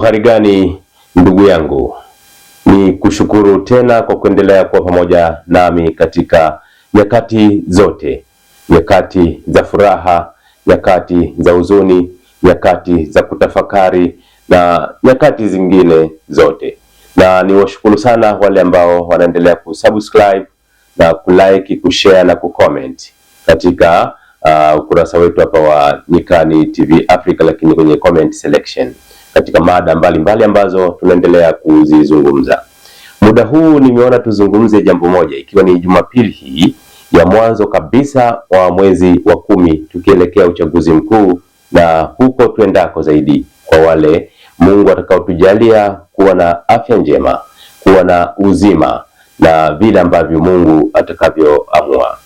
hali gani ndugu yangu, ni kushukuru tena kwa kuendelea kuwa pamoja nami katika nyakati zote, nyakati za furaha, nyakati za huzuni, nyakati za kutafakari na nyakati zingine zote, na niwashukuru sana wale ambao wanaendelea kusubscribe na kulike, kushare na kucomment katika uh, ukurasa wetu hapa wa Nyikani TV Africa, lakini kwenye comment selection katika mada mbalimbali mbali ambazo tunaendelea kuzizungumza. Muda huu nimeona tuzungumze jambo moja, ikiwa ni Jumapili hii ya mwanzo kabisa wa mwezi wa kumi, tukielekea uchaguzi mkuu na huko tuendako zaidi, kwa wale Mungu atakaotujalia kuwa na afya njema, kuwa na uzima na vile ambavyo Mungu atakavyoamua.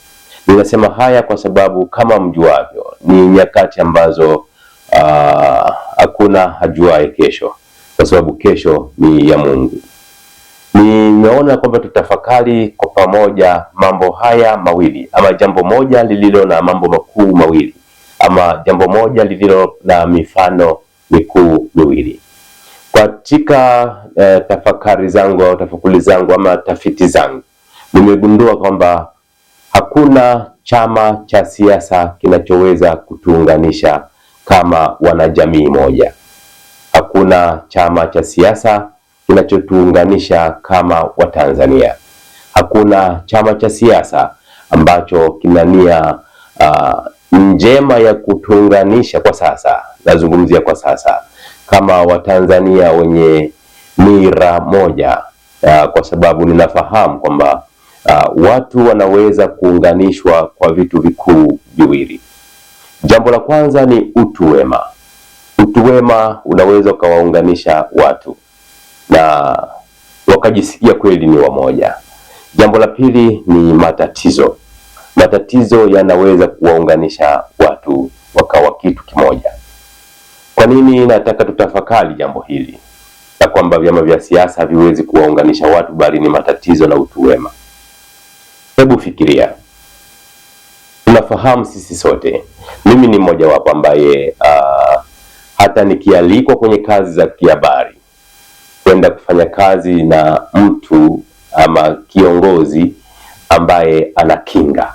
Ninasema haya kwa sababu kama mjuavyo, ni nyakati ambazo Ah, hakuna hajuae kesho, kwa sababu kesho ni ya Mungu. Nimeona kwamba tutafakari kwa pamoja mambo haya mawili ama jambo moja lililo na mambo makuu mawili ama jambo moja lililo na mifano mikuu miwili. Katika eh, tafakari zangu au tafakuli zangu ama tafiti zangu, nimegundua kwamba hakuna chama cha siasa kinachoweza kutuunganisha kama wanajamii moja. Hakuna chama cha siasa kinachotuunganisha kama Watanzania. Hakuna chama cha siasa ambacho kina nia uh, njema ya kutuunganisha kwa sasa. Nazungumzia kwa sasa kama Watanzania wenye nira moja uh, kwa sababu ninafahamu kwamba uh, watu wanaweza kuunganishwa kwa vitu vikuu viwili. Jambo la kwanza ni utu wema. Utu wema unaweza ukawaunganisha watu na wakajisikia kweli ni wamoja. Jambo la pili ni matatizo. Matatizo yanaweza kuwaunganisha watu wakawa kitu kimoja. Kwa nini nataka tutafakari jambo hili na kwamba vyama vya siasa haviwezi kuwaunganisha watu, bali ni matatizo na utu wema? Hebu fikiria tunafahamu sisi sote, mimi ni mmojawapo ambaye uh, hata nikialikwa kwenye kazi za kihabari kwenda kufanya kazi na mtu ama kiongozi ambaye ana kinga,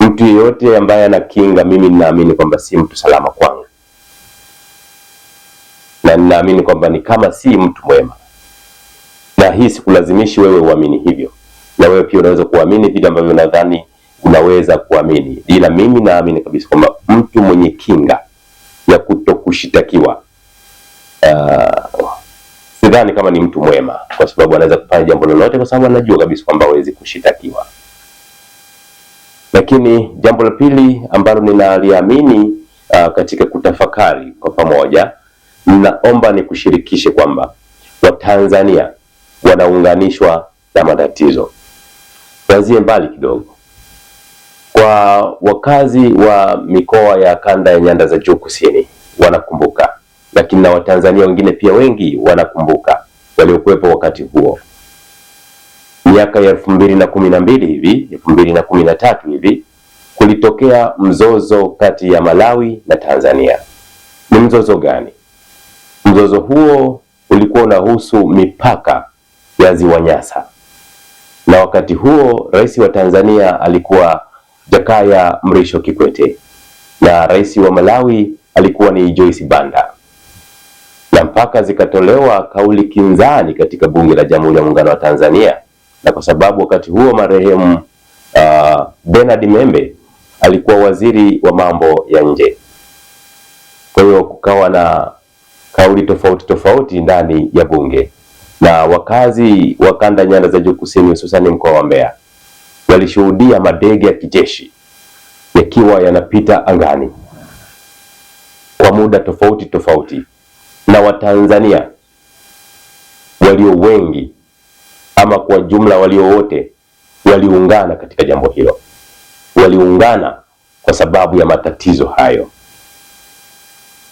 mtu yeyote ambaye ana kinga, mimi ninaamini kwamba si mtu salama kwangu, na ninaamini kwamba ni kama si mtu mwema, na hii sikulazimishi wewe uamini hivyo na wewe pia unaweza kuamini vile ambavyo nadhani unaweza kuamini, ila mimi naamini kabisa kwamba mtu mwenye kinga ya kutokushitakiwa uh, sidhani kama ni mtu mwema, kwa sababu anaweza kufanya jambo lolote, kwa sababu anajua kabisa kwamba hawezi kushitakiwa. Lakini jambo la pili ambalo ninaliamini uh, katika kutafakari kwa pamoja, ninaomba kushirikishe kwamba Watanzania wanaunganishwa na matatizo tuanzie mbali kidogo. Kwa wakazi wa mikoa ya kanda ya nyanda za juu kusini wanakumbuka, lakini na Watanzania wengine pia wengi wanakumbuka waliokuwepo wakati huo miaka ya elfu mbili na kumi na mbili hivi elfu mbili na kumi na tatu hivi kulitokea mzozo kati ya Malawi na Tanzania. Ni mzozo gani? Mzozo huo ulikuwa unahusu mipaka ya ziwa Nyasa na wakati huo rais wa Tanzania alikuwa Jakaya Mrisho Kikwete na rais wa Malawi alikuwa ni Joyce Banda, na mpaka zikatolewa kauli kinzani katika bunge la Jamhuri ya Muungano wa Tanzania, na kwa sababu wakati huo marehemu uh, Bernard Membe alikuwa waziri wa mambo ya nje. Kwa hiyo kukawa na kauli tofauti tofauti ndani ya bunge na wakazi wa kanda nyanda za juu kusini, hususani mkoa wa Mbeya walishuhudia madege ya kijeshi yakiwa yanapita angani kwa muda tofauti tofauti, na Watanzania walio wengi ama kwa jumla walio wote waliungana katika jambo hilo, waliungana kwa sababu ya matatizo hayo.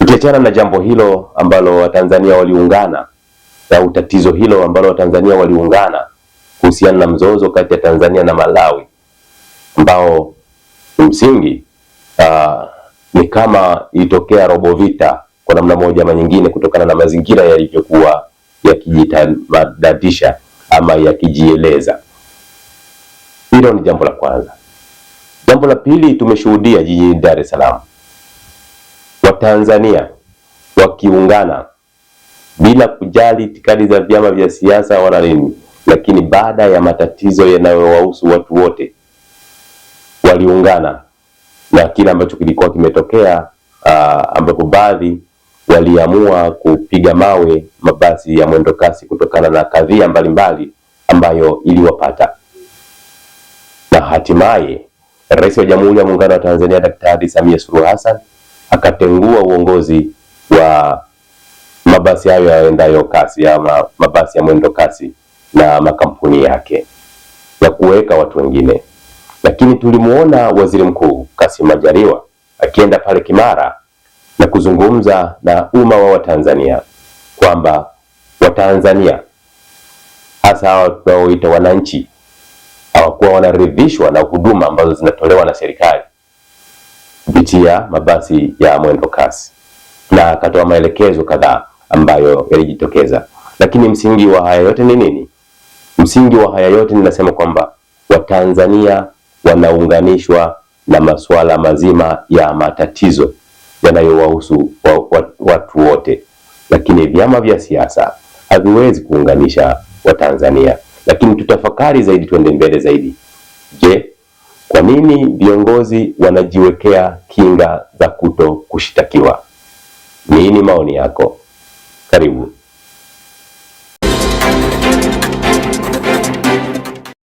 Ukiachana na jambo hilo ambalo Watanzania waliungana au tatizo hilo ambalo Watanzania waliungana kuhusiana na mzozo kati ya Tanzania na Malawi ambao kimsingi uh, ni kama ilitokea robo vita kwa namna moja ama nyingine, kutokana na mazingira yalivyokuwa yakijitadatisha ama yakijieleza. Hilo ni jambo la kwanza. Jambo la pili, tumeshuhudia jijini Dar es Salaam Watanzania wakiungana bila kujali itikadi za vyama vya siasa wala nini, lakini baada ya matatizo yanayowahusu watu wote waliungana na kile ambacho kilikuwa kimetokea, ah, ambapo baadhi waliamua kupiga mawe mabasi ya mwendokasi kutokana na kadhia mbalimbali ambayo iliwapata, na hatimaye Rais wa Jamhuri ya Muungano wa Tanzania Daktari Samia Suluhu Hassan akatengua uongozi wa mabasi hayo yaendayo kasi ya mabasi ya mwendo kasi na makampuni yake ya kuweka watu wengine. Lakini tulimuona Waziri Mkuu Kassim Majaliwa akienda pale Kimara na kuzungumza na umma wa Watanzania kwamba Watanzania hasa hawa tunaoita wananchi hawakuwa wanaridhishwa na huduma ambazo zinatolewa na serikali kupitia mabasi ya mwendo kasi, na akatoa maelekezo kadhaa ambayo yalijitokeza. Lakini msingi wa haya yote ni nini? Msingi wa haya yote ninasema kwamba Watanzania wanaunganishwa na masuala mazima ya matatizo yanayowahusu watu wote, lakini vyama vya siasa haviwezi kuunganisha Watanzania. Lakini tutafakari zaidi, tuende mbele zaidi. Je, kwa nini viongozi wanajiwekea kinga za kuto kushtakiwa? Nini maoni yako? Karibu.